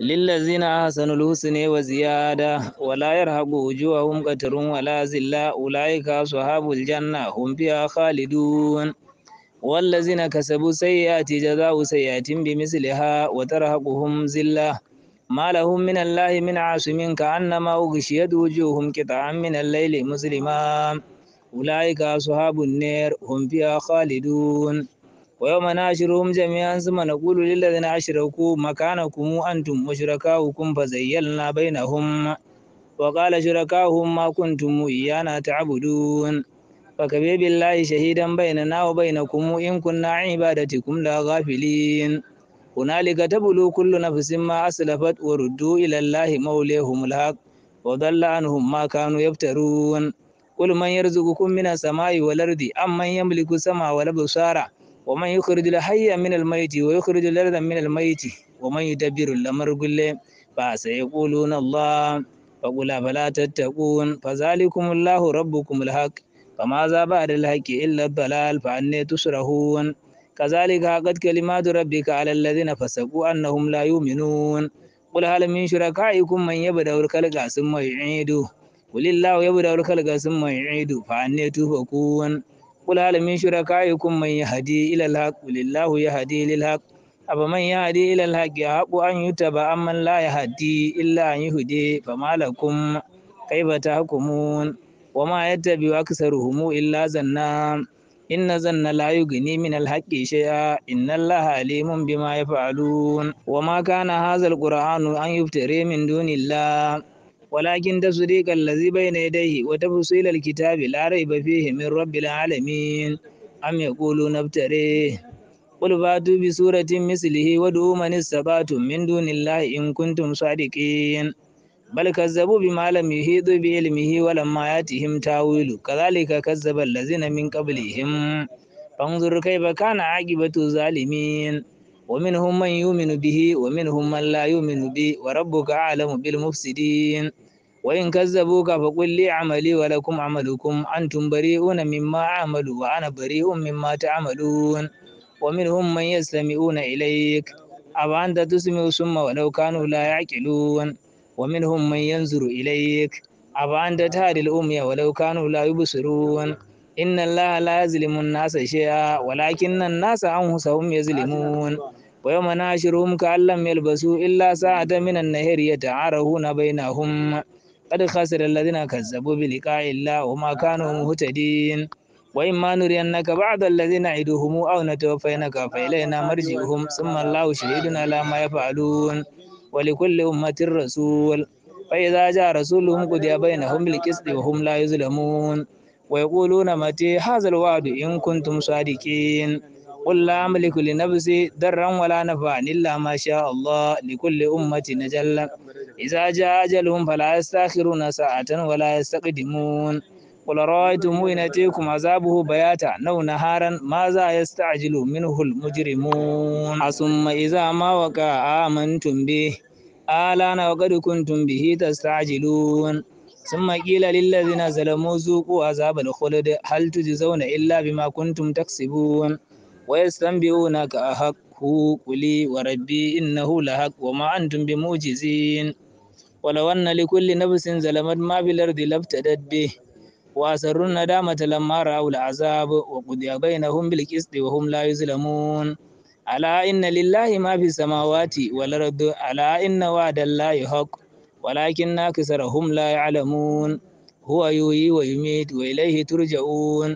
للذين أحسنوا الحسنى وزيادة ولا يرهق وجوههم قتر ولا ذلة أولئك أصحاب الجنة هم فيها خالدون والذين كسبوا سيئات جزاء سيئات بمثلها وترهقهم ذلة ما لهم من الله من عاصم كأنما أغشيت وجوههم قطعا من الليل مسلما أولئك أصحاب النار هم فيها خالدون ويوم ناشرهم جميعا ثم نقول للذين أشركوا مكانكم أنتم وشركاؤكم فزيلنا بينهم وقال شركاؤهم ما كنتم إيانا تعبدون فكفي بالله شهيدا بيننا وبينكم إن كنا عبادتكم لا غافلين هنالك تبلو كل نفس ما أسلفت وردوا إلى الله موليهم الحق وضل عنهم ما كانوا يفترون قل من يرزقكم من السماء والأرض أم من يملك السماء والأبصار ومن يخرج الحي من الميت ويخرج الأرض من الميت ومن يدبر الأمر قل فسيقولون الله فقل فلا تتقون فذلكم الله ربكم الحق فماذا بعد الحق إلا الضلال فأني تسرهون كذلك قد كلمات ربك على الذين فسقوا أنهم لا يؤمنون قل هل من شركائكم من يبدأ الخلق ثم يعيده قل الله يبدأ الخلق ثم يعيده فأني تفكون قل هل من شركائكم من يهدي إلى الحق قل الله يهدي للحق من يهدي إلى الحق يحق أن يتبع من لا يهدي إلا أن يهدي فما لكم كيف تحكمون وما يتبع أكثرهم إلا زنا إن زن لا يغني من الحق شيئا إن الله عليم بما يفعلون وما كان هذا القرآن أن يفتري من دون الله ولكن تصديق الذي بين يديه وتفصيل الكتاب لا ريب فيه من رب العالمين أم يقولون ابتريه قل فاتوا بسورة مثله ودعوا من استطعتم من دون الله إن كنتم صادقين بل كذبوا بما لم يحيطوا بعلمه ولما يأتهم تاويل كذلك كذب الذين من قبلهم فانظر كيف كان عاقبة الظالمين ومنهم من يؤمن به ومنهم من لا يؤمن به وربك أعلم بالمفسدين وإن كذبوك فقل لي عملي ولكم عملكم أنتم بريئون مما عملوا وأنا بريء مما تعملون ومنهم من يستمعون إليك أفأنت تسمع ثم ولو كانوا لا يعقلون ومنهم من ينظر إليك أفأنت تهدي الأمية ولو كانوا لا يبصرون إن الله لا يظلم الناس شيئا ولكن الناس أنفسهم يظلمون ويوم ناشرهم كأن لم يلبسوا إلا ساعة من النهر يتعارفون بينهم قد خسر الذين كذبوا بلقاء الله وما كانوا مهتدين وإما نرينك بعض الذين نعدهم أو نتوفينك فإلينا مرجعهم ثم الله شهيد على ما يفعلون ولكل أمة رسول فإذا جاء رسولهم قد بينهم بالقسط وهم لا يظلمون ويقولون متى هذا الوعد إن كنتم صادقين قل لا أملك لنفسي ضرا ولا نفعا إلا ما شاء الله لكل أمة نجلا إذا جاء أجلهم فلا يستأخرون ساعة ولا يستقدمون قل رأيتم إن أتيكم عذابه بياتا نو نهارا ماذا يستعجل منه المجرمون ثم إذا ما وقع آمنتم به آلان وقد كنتم به تستعجلون ثم قيل للذين ظلموا ذوقوا عذاب الخلد هل تجزون إلا بما كنتم تكسبون ويستنبئونك أحق قولي وربي إنه لحق وما أنتم بموجزين ولو أن لكل نفس ظلمت ما بالأرض لابتدت به وأسروا الندامة لما رأوا العذاب وقضي بينهم بالقسط وهم لا يظلمون ألا إن لله ما في السماوات والأرض ألا إن وعد الله حق ولكن أكثرهم لا يعلمون هو يحيي ويميت وإليه ترجعون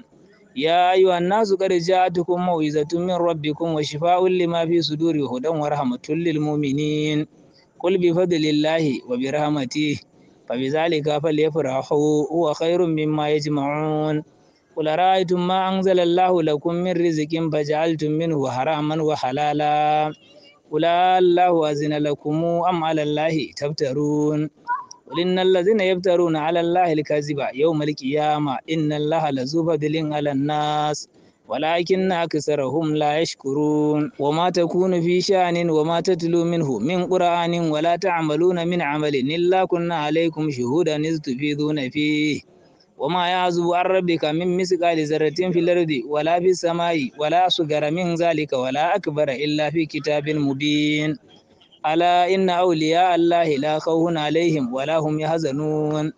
يا أيها الناس قد جاءتكم موعظة من ربكم وشفاء لما في صدور هدى ورحمة للمؤمنين قل بفضل الله وبرحمته فبذلك فليفرحوا هو خير مما يجمعون قل رأيتم ما أنزل الله لكم من رزق فجعلتم منه حراما وحلالا قل الله أزن لكم أم على الله تفترون ولن الذين يبترون على الله الكذب يوم القيامة إن الله لذو فضل على الناس ولكن أكثرهم لا يشكرون وما تكون في شأن وما تتلو منه من قرآن ولا تعملون من عمل إلا كنا عليكم شهودا إذ تفيضون فيه وما يعزب عن ربك من مثقال ذرة في الأرض ولا في السماء ولا صغر من ذلك ولا أكبر إلا في كتاب مبين ألا إن أولياء الله لا خوف عليهم ولا هم يحزنون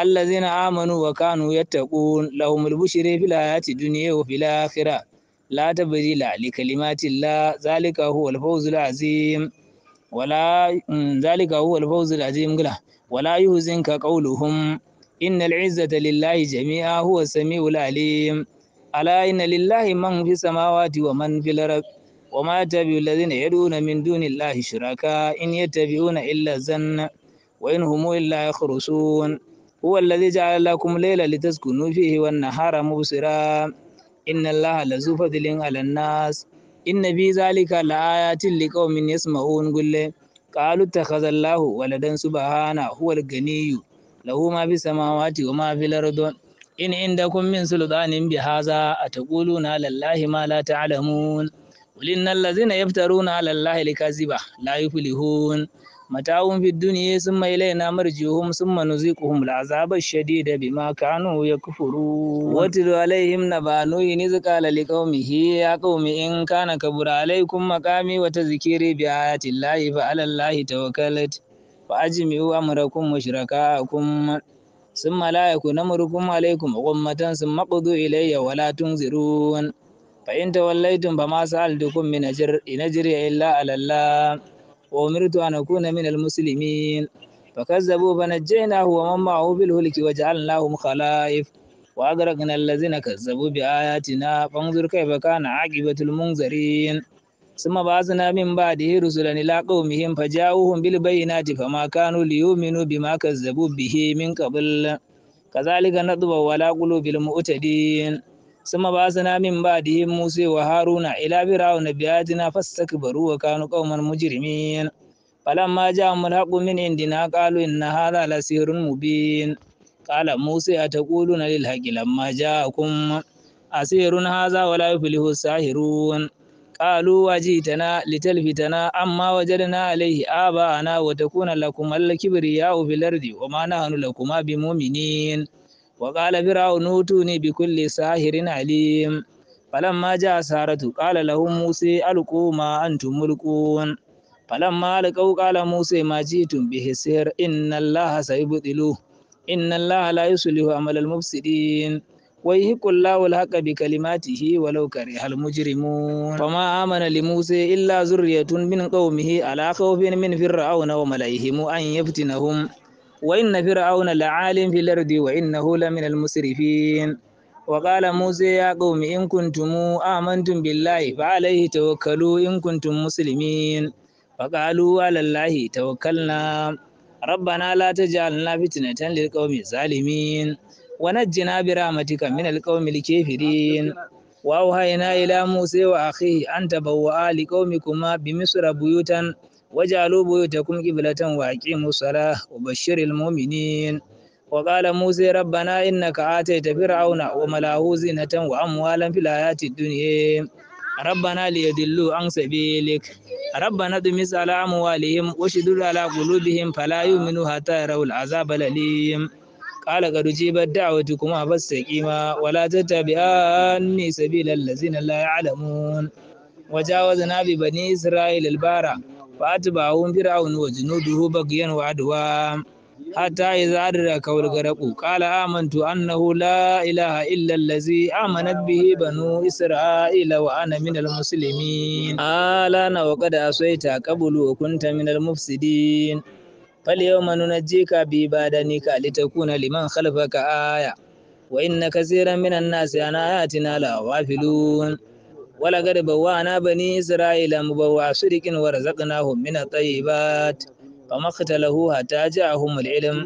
الذين آمنوا وكانوا يتقون لهم البشر في الحياة الدنيا وفي الآخرة لا تبديل لكلمات الله ذلك هو الفوز العظيم ولا ذلك هو الفوز العظيم ولا يهزنك قولهم إن العزة لله جميعا هو السميع العليم ألا إن لله من في السماوات ومن في الأرض وما يتبع الذين يدعون من دون الله شركاء إن يتبعون إلا الظن وإن هم إلا يخرسون هو الذي جعل لكم ليلة لتسكنوا فيه والنهار مبصرا إن الله لذو فضل على الناس إن في ذلك لآيات لقوم يسمعون قل قالوا اتخذ الله ولدا سبحانه هو الغني له ما في السماوات وما في الأرض إن عندكم من سلطان بهذا أتقولون على الله ما لا تعلمون قل الذين يفترون على الله الكذب لا يفلحون متاع في الدنيا ثم إلينا مرجعهم ثم نذيقهم العذاب الشديد بما كانوا يكفرون واتل عليهم نبأ نوح إذ قال لقومه يا قوم إن كان كبر عليكم مقامي وتذكيري بآيات الله فعلى الله توكلت فأجمعوا أمركم وشركاءكم ثم لا يكن أمركم عليكم غمة ثم اقضوا إلي ولا تنذرون فإن توليتم فما سألتكم من أجر إن أجري إلا على الله وأمرت أن أكون من المسلمين فكذبوا فنجيناه ومن معه بالهلك وجعلناهم خلائف وأغرقنا الذين كذبوا بآياتنا فانظر كيف كان عاقبة المنذرين ثم بعثنا من بعده رسلا إلى قومهم فجاءوهم بالبينات فما كانوا ليؤمنوا بما كذبوا به من قبل كذلك نطبع على قلوب المؤتدين ثم بعثنا من بعدهم موسى وهارون إلى فرعون بآياتنا فاستكبروا وكانوا قوما مجرمين فلما جاءهم الحق من عندنا قالوا إن هذا لسير مبين قال موسى أتقولون للحق لما جاءكم أسير هذا ولا يفلح الساهرون قالوا وجئتنا لتلفتنا أما وجدنا عليه آباءنا وتكون لكم الكبرياء في الأرض وما نحن لكما بمؤمنين وقال فرعون اوتوني بكل ساحر عليم فلما جاء سارة قال لهم موسى ألقوا ما أنتم ملقون فلما ألقوا قال موسى ما جئتم به سير إن الله سيبطله إن الله لا يصلح عمل المفسدين ويحق الله الحق بكلماته ولو كره المجرمون فما آمن لموسى إلا ذرية من قومه على خوف من فرعون وملئهم أن يفتنهم وإن فرعون لعالم في الأرض وإنه لمن المسرفين وقال موسى يا قوم إن كنتم آمنتم بالله فعليه توكلوا إن كنتم مسلمين فقالوا على الله توكلنا ربنا لا تجعلنا فتنة للقوم الظالمين ونجنا برحمتك من القوم الكافرين وأوحينا إلى موسى وأخيه أن تبوأ لقومكما بمصر بيوتا وجعلوا بيوتكم قبلة وأقيموا الصلاة وبشر المؤمنين وقال موسى ربنا إنك آتيت فرعون وملأه زينة وأموالا في الحياة الدنيا ربنا ليدلوا عن سبيلك ربنا دمس على أموالهم وشدد على قلوبهم فلا يؤمنوا حتى يروا العذاب الأليم قال قد أجيبت دعوتكما فاستقيما ولا تتبعاني سبيل الذين لا يعلمون وجاوزنا ببني إسرائيل البارة فأتبعهم فرعون وجنوده بغيا وعدوا حتى إذا أدركه الغرق قال آمنت أنه لا إله إلا الذي آمنت به بنو إسرائيل وأنا من المسلمين آلان وقد أسويت قبل وكنت من المفسدين فاليوم ننجيك ببدنك لتكون لمن خلفك آية وإن كثيرا من الناس عن آياتنا لغافلون ولا ولقد بوانا بني إسرائيل مبوع صدق ورزقناهم من الطيبات فما اختلفوا حتى جاءهم العلم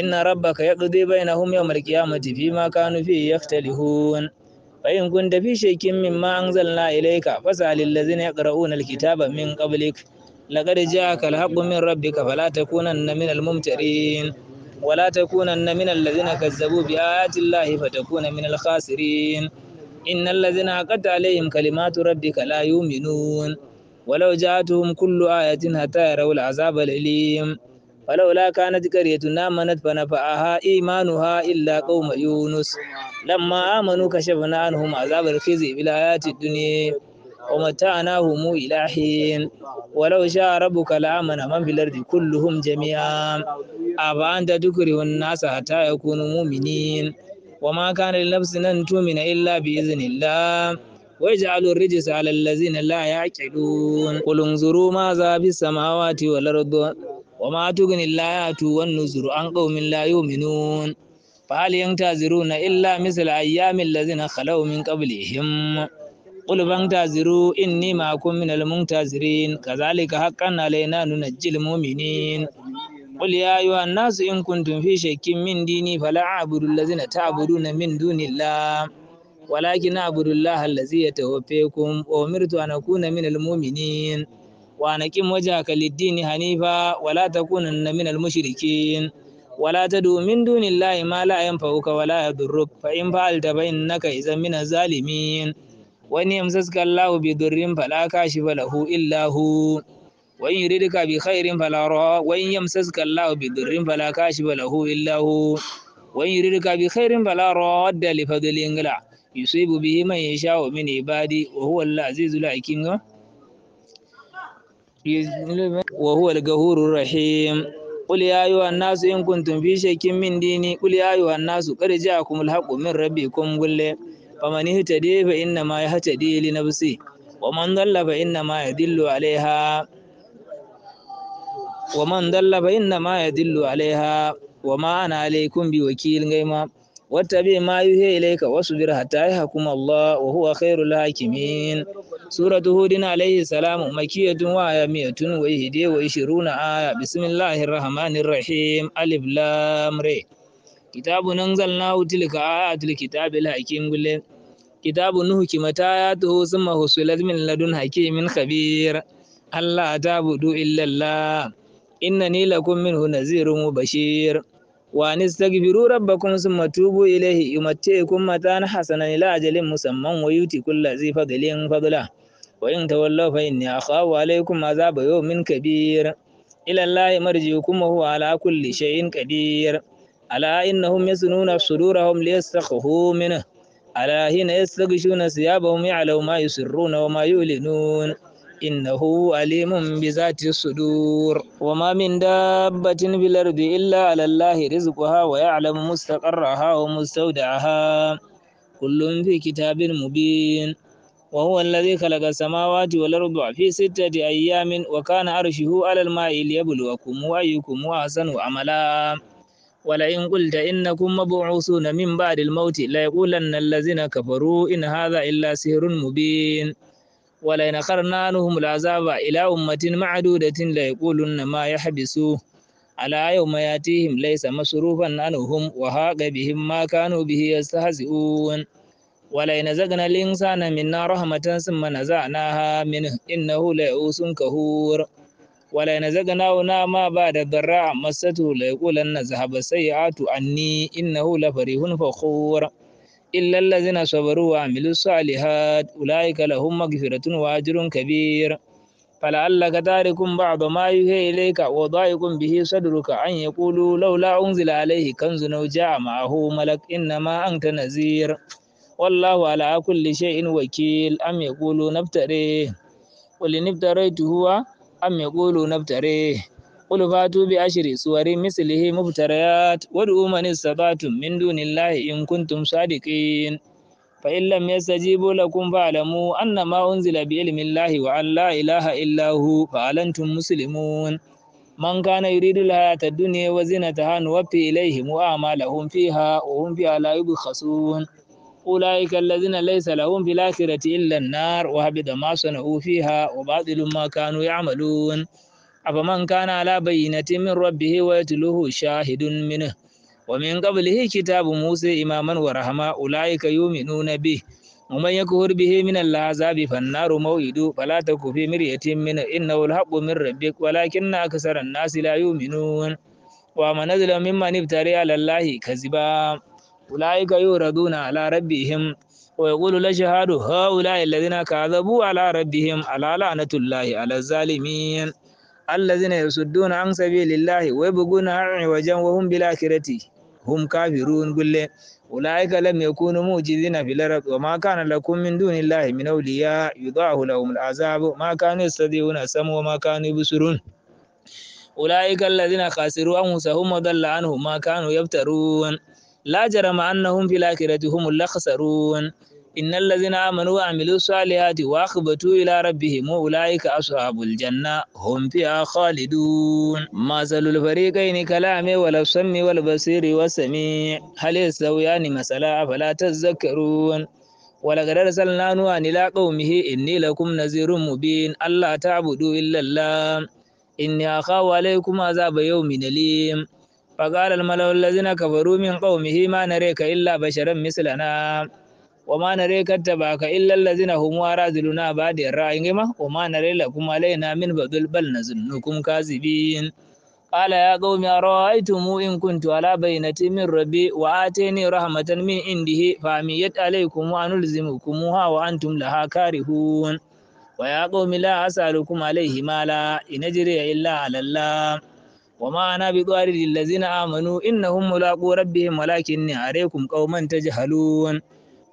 إن ربك يقضي بينهم يوم القيامة فيما كانوا فيه يختلفون فإن كنت في شيء مما أنزلنا إليك فاسأل الذين يقرؤون الكتاب من قبلك لقد جاءك الحق من ربك فلا تكونن من الممترين ولا تكونن من الذين كذبوا بآيات الله فتكون من الخاسرين إن الذين عقدت عليهم كلمات ربك لا يؤمنون ولو جاءتهم كل آية حتى يروا العذاب الأليم ولولا كانت قرية آمنت فنفعها إيمانها إلا قوم يونس لما آمنوا كشفنا عنهم عذاب الخزي في الحياة الدنيا ومتعناهم إلى حين ولو شاء ربك لآمن من في الأرض كلهم جميعا أفأنت تكره الناس حتى يكونوا مؤمنين وما كان لنفس أن تؤمن إلا بإذن الله ويجعل الرجس على الذين لا يعقلون قل انظروا ماذا في السماوات والأرض وما تغني الآيات والنذر عن قوم لا يؤمنون فهل ينتظرون إلا مثل أيام الذين خلوا من قبلهم قل فانتظروا إني معكم من المنتظرين كذلك حقا علينا ننجي المؤمنين قل يا أيها الناس إن كنتم في شك من ديني فلا أعبد الذين تعبدون من دون الله ولكن أعبد الله الذي يتوفيكم وأمرت أن أكون من المؤمنين وأنا كم وجهك للدين حنيفا ولا تكونن من المشركين ولا تدعو من دون الله ما لا ينفعك ولا يضرك فإن فعلت فإنك إذا من الظالمين وإن يمسسك الله بضر فلا كاشف له إلا هو وإن يردك بخير فلا راه وإن يمسسك الله بضر فلا كاشف له إلا هو وإن يردك بخير فلا راد لفضل إنجلا يصيب به من يشاء من عبادي وهو العزيز الحكيم وهو الغفور الرحيم قل يا أيها الناس إن كنتم في شك من ديني قل يا أيها الناس قد جاءكم الحق من ربكم قل فمن اهتدي فإنما يهتدي لنفسه ومن ضل فإنما يدل عليها ومن دل فإنما يدل عليها وما أنا عليكم بوكيل غيما واتبع ما يوحى إليك واصبر حتى يحكم الله وهو خير الحاكمين سورة هود عليه السلام مكية وآية مئة وإحدى وعشرون آية بسم الله الرحمن الرحيم ألف لام ري كتاب أنزلناه تلك آيات الكتاب الحكيم قل كتاب نحكمت آياته ثم فصلت من لدن حكيم خبير الله تعبدوا إلا الله إنني لكم منه نذير مبشير وأن استغفروا ربكم ثم توبوا إليه يمتعكم متاعا حسنا إلى أجل مسمى ويؤتي كل ذي فضل فضله وإن تولوا فإني أخاف عليكم عذاب يوم كبير إلى الله مرجعكم وهو على كل شيء قدير ألا إنهم يسنون صدورهم ليستخفوا منه ألا حين يستغشون ثيابهم يعلم ما يسرون وما يعلنون إنه عليم بذات الصدور وما من دابة في الأرض إلا على الله رزقها ويعلم مستقرها ومستودعها كل في كتاب مبين وهو الذي خلق السماوات والأرض في ستة أيام وكان عرشه على الماء ليبلوكم أيكم أحسن عملا ولئن قلت إنكم مبعوثون من بعد الموت ليقولن الذين كفروا إن هذا إلا سحر مبين ولئن أخرنا عنهم العذاب إلى أمة معدودة ليقولن ما يحبسوا على يوم يأتيهم ليس مصروفا عنهم وهاق بهم ما كانوا به يستهزئون ولئن زقنا الإنسان منا رحمة ثم نزعناها منه إنه ليئوس كهور ولئن زقناه نعما بعد الضراء مسته ليقولن ذهب السيئات عني إنه لفرح فخور إلا الذين صبروا وعملوا الصالحات أولئك لهم مغفرة وأجر كبير فلعلك تارك بعض ما يوحي إليك وضايق به صدرك أن يقولوا لولا أنزل عليه كنز أو جاء معه ملك إنما أنت نذير والله على كل شيء وكيل أم يقولون ابتريه ولن ابتريته أم يقولون ابتريه قل فاتوا بعشر سور مثله مفتريات وادعوا من استطعتم من دون الله إن كنتم صادقين فإن لم يستجيبوا لكم فاعلموا أن ما أنزل بعلم الله وأن لا إله إلا هو فأنتم مسلمون من كان يريد الحياة الدنيا وزينتها نوفي إليهم وأعمالهم فيها وهم فيها لا يبخسون أولئك الذين ليس لهم في الآخرة إلا النار وهبط ما صنعوا فيها وباطل ما كانوا يعملون أفمن كان على بينة من ربه ويتلوه شاهد منه ومن قبله كتاب موسى إماما ورحمة أولئك يؤمنون به ومن يكفر به من العذاب فالنار موعد فلا تك في مرية منه إنه الحق من ربك ولكن أكثر الناس لا يؤمنون ومن أظلم ممن افتري على الله كذبا أولئك يوردون على ربهم ويقول لشهاد هؤلاء الذين كذبوا على ربهم على لعنة الله على الظالمين الذين يصدون عن سبيل الله عن عوجا وهم بالآخرة هم كافرون قل أولئك لم يكونوا موجزين في الأرض وما كان لكم من دون الله من أولياء يضاعف لهم العذاب ما كانوا يستطيعون السمع وما كانوا يبصرون أولئك الذين خسروا أنفسهم وضل عنهم ما كانوا يبترون لا جرم أنهم في الآخرة هم الأخسرون إن الذين آمنوا وعملوا الصالحات وأخبتوا إلى ربهم أولئك أصحاب الجنة هم فيها خالدون مثل الفريقين كلام والسم والبصير والسميع هل يستويان مثلا فلا تذكرون ولقد أرسلنا نوحا إلى قومه إني لكم نذير مبين ألا تعبدوا إلا الله إني أخاف عليكم عذاب يوم أليم فقال الملأ الذين كفروا من قومه ما نريك إلا بشرا مثلنا وما نري كتبك إلا الذين هم ورازلنا بعد الرائمة وما نري لكم علينا من بدل بل نظنكم كاذبين قال يا قوم أرأيتم إن كنت على بينة من ربي وآتيني رحمة من عنده فعميت عليكم وأنلزمكمها وأنتم لها كارهون ويا قوم لا أسألكم عليه مالا إن أجري إلا على الله وما أنا بطارد الذين آمنوا إنهم ملاقو ربهم ولكني عليكم قوما تجهلون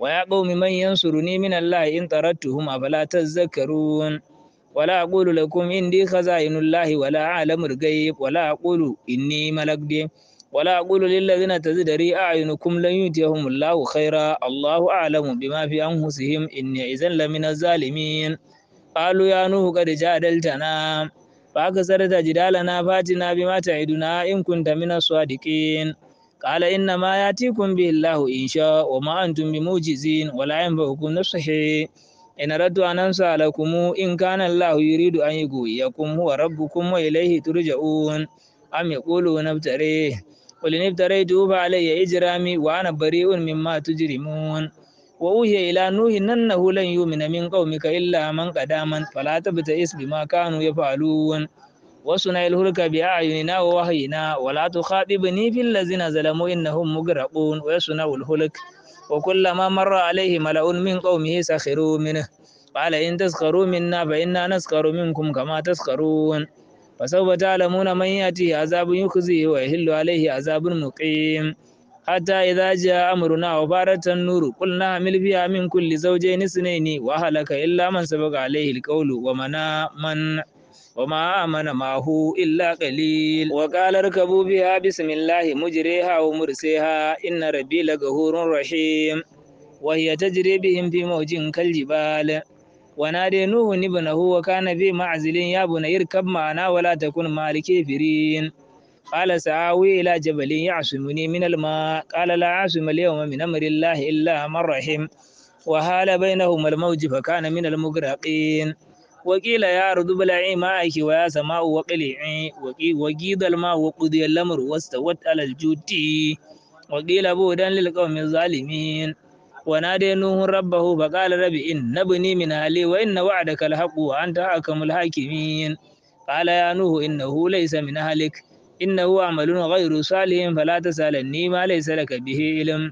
ويا قوم من ينصرني من الله إن طردتهم أفلا تذكرون ولا أقول لكم إني خزائن الله ولا أعلم الغيب ولا أقول إني ملك دي ولا أقول للذين تزدري أعينكم لن يؤتيهم الله خيرا الله أعلم بما في أنفسهم إني إذا لمن الظالمين قالوا يا نوح قد جادلتنا فأكثرت جدالنا فاتنا بما تعدنا إن كنت من الصادقين قال إنما يأتيكم به الله إن شاء وما أنتم بموجزين ولا ينبغيكم نفسه إن أردت أن أنسى لكم إن كان الله يريد أن يقويكم هو ربكم وإليه ترجعون أم يقولون ابتريه قل إن ابتريته فعلي إجرامي وأنا بريء مما تجرمون وأوحي إلى نوح أنه لن يؤمن من قومك إلا من قد آمن فلا تبتئس بما كانوا يفعلون وصنع الهلك بأعيننا ووحينا ولا تخاطبني في الذين ظلموا إنهم مغرقون ويصنع الهلك وكلما مر عليه ملأ من قومه سخروا منه قال إن تسخروا منا فإنا نسخر منكم كما تسخرون فسوف تعلمون من يأتيه عذاب يخزيه ويحل عليه عذاب مقيم حتى إذا جاء أمرنا وفارت النور قلنا عمل فيها من كل زوجين اثنين وهلك إلا من سبق عليه القول ومنا من وما آمن معه إلا قليل وقال اركبوا بها بسم الله مجريها ومرسيها إن ربي لغفور رحيم وهي تجري بهم في موج كالجبال ونادي نوح ابنه وكان في معزل يا بني اركب معنا ولا تكن مع الكافرين قال سآوي إلى جبل يعصمني من الماء قال لا عاصم اليوم من أمر الله إلا من رحم وهال بينهما الموج فكان من المغرقين وقيل يا العين ما مائك ويا سماء وقي وقيد الماء وقضي الأمر واستوت على الجود وقيل بودا للقوم الظالمين ونادى نوح ربه فقال رب إن ابني من أهلي وإن وعدك الحق وأنت أحكم الحاكمين قال يا نوح إنه ليس من أهلك إنه عمل غير صالح فلا تسألني ما ليس لك به علم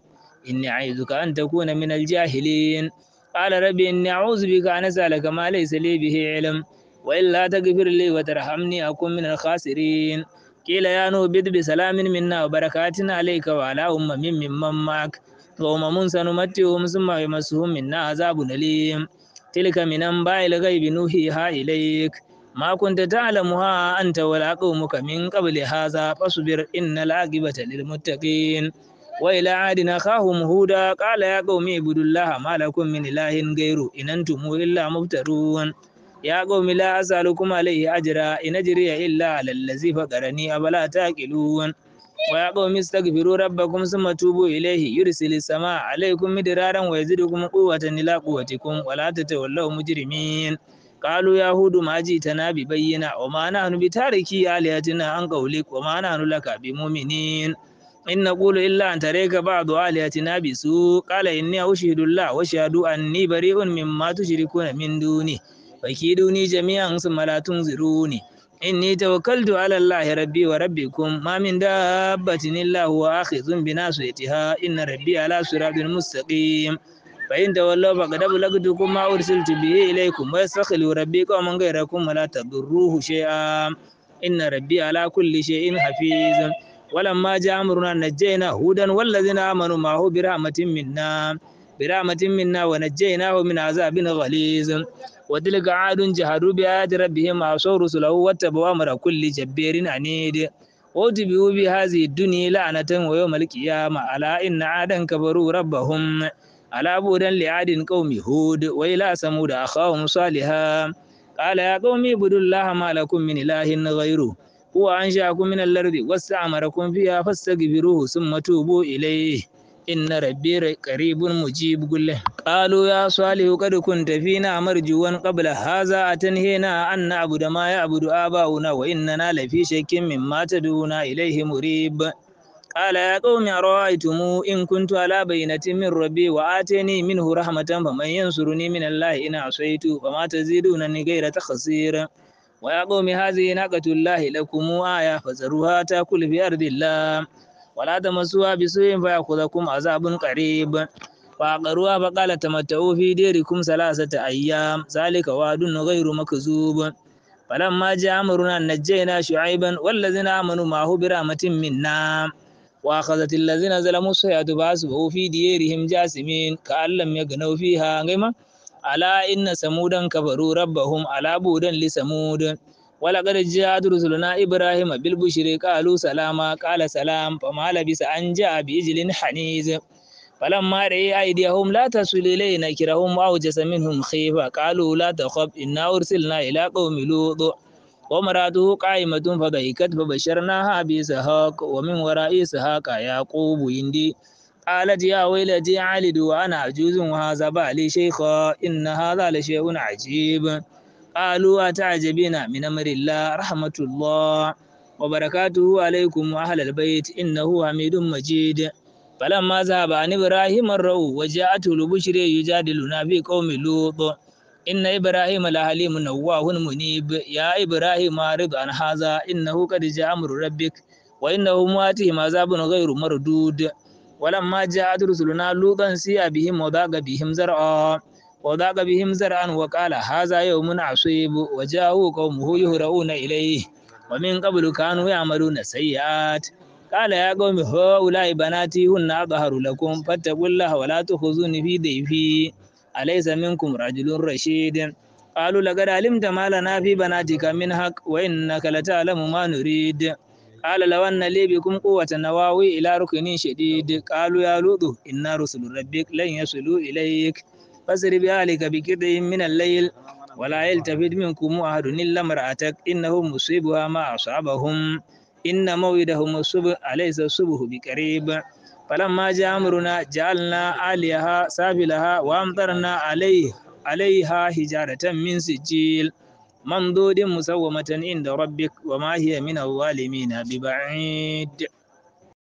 إني عايزك أن تكون من الجاهلين قال ربي إني أعوذ بك أن أسألك ما ليس لي به علم وإلا تغفر لي وترحمني أكون من الخاسرين قيل يا نوح بد بسلام منا وبركات عليك وعلى أمم ممن معك وأمم سنمتهم ثم يمسهم منا عذاب أليم تلك من أنباء الغيب نوحيها إليك ما كنت تعلمها أنت ولا قومك من قبل هذا فاصبر إن العاقبة للمتقين وإلى عاد أخاهم هودا قال يا قوم اعبدوا الله ما لكم من إله غيره إن أنتم إلا مفترون يا قوم لا أسألكم عليه أجرا إن أجري إلا على الذي فقرني أفلا تاكلون ويا قوم استغفروا ربكم ثم توبوا إليه يرسل السماء عليكم مدرارا ويزيدكم قوة إلى قوتكم ولا تتولوا مجرمين قالوا يا هود ما جئتنا ببينة وما نحن بتاركي آلهتنا عن قولك وما نحن لك بمؤمنين إن نقول إلا أن تريك بعض آلهتنا بسوء قال إني أشهد الله وأشهد أني بريء مما تشركون من دوني فكيدوني جميعا ثم لا تنظروني إني توكلت على الله ربي وربكم ما من دابة إلا هو آخذ بناصيتها إن ربي على صراط مستقيم فإن تولوا فقد أبلغتكم ما أرسلت به إليكم ويستخلوا ربي قوما غيركم ولا تضروه شيئا إن ربي على كل شيء حفيظ ولما جاء أمرنا نجينا هودا والذين آمنوا معه برحمة منا برحمة منا ونجيناه من عذاب غليظ وتلك عاد جهدوا بآيات ربهم وعصوا رسله واتبعوا أمر كل جبار عنيد واتبعوا بهذه الدنيا لعنة ويوم القيامة ألا إن عادا كبروا ربهم ألا بودا لعاد قوم هود وإلى ثمود أخاهم صالحا قال يا قوم اعبدوا الله ما لكم من إله غيره هو أنشأكم من الأرض واستعمركم فيها فاستكبروه ثم توبوا إليه إن ربي قريب مجيب كله قالوا يا صالح قد كنت فينا مرجوا قبل هذا أتنهينا أن نعبد ما يعبد آباؤنا وإننا لفي شك مما تدعونا إليه مريب قال يا قوم أرأيتم إن كنت على بينة من ربي وآتني منه رحمة فمن ينصرني من الله إن عصيت فما تزيدونني غير تخسير ويا قوم هذه ناقة الله لكم آية فزروها تأكل في أرض الله ولا تمسوها بسوء فيأخذكم عذاب قريب فعقروها فقال تمتعوا في ديركم ثلاثة أيام ذلك وعد غير مكذوب فلما جاء أمرنا نجينا شعيبا والذين آمنوا معه برحمة منا وأخذت الذين ظلموا الصيحة فأصبحوا في ديرهم جاسمين كأن لم يغنوا فيها غيما ألا إن سمودا كفروا ربهم ألا بودا لسمود ولقد جاءت رسلنا إبراهيم بالبشر قالوا سلاما قال سلام فما لبس أن جاء بإجل حنيز فلما رأي أيديهم لا تصل إليه نكرهم وأوجس منهم خيفة قالوا لا تخب إنا أرسلنا إلى قوم لوط ومراته قائمة فضحكت فبشرناها بإسحاق ومن وراء إسحاق يعقوب يندي قالت يا ويلتي أعلد وأنا عجوز وهذا بالي شيخا إن هذا لشيء عجيب قالوا أتعجبين من أمر الله رحمة الله وبركاته عليكم واهل البيت إنه حميد مجيد فلما ذهب عن إبراهيم الرو وجاءته البشر يجادلنا في قوم لوط إن إبراهيم لحليم نواه منيب يا إبراهيم أعرض عن هذا إنه قد جاء أمر ربك وإنه مؤتهم عذاب غير مردود ولما جاءت رسلنا لوطا سيئ بهم وضاق بهم زرعا وضاق بهم زرعا وقال هذا يوم عصيب وجاءوا قومه يهرؤون إليه ومن قبل كانوا يعملون سيئات قال يا قوم هؤلاء بناتي هن أظهر لكم فاتقوا الله ولا تخزوني في ضيفي أليس منكم رجل رشيد قالوا لقد علمت ما لنا في بناتك من حق وإنك لتعلم ما نريد قال لو أن لي بكم قوة نواوي إلى ركن شديد قالوا يا لوط إن رسل ربك لن يصلوا إليك فسر بأهلك بكر من الليل ولا يلتفت منكم أحد إلا امرأتك إنه مصيبها ما أصابهم إن موعدهم الصبح أليس الصبح بقريب فلما جاء أمرنا جعلنا عليها سافلها وأمطرنا عليه عليها حجارة من سجيل ممدود مسومة عند ربك وما هي من الظالمين ببعيد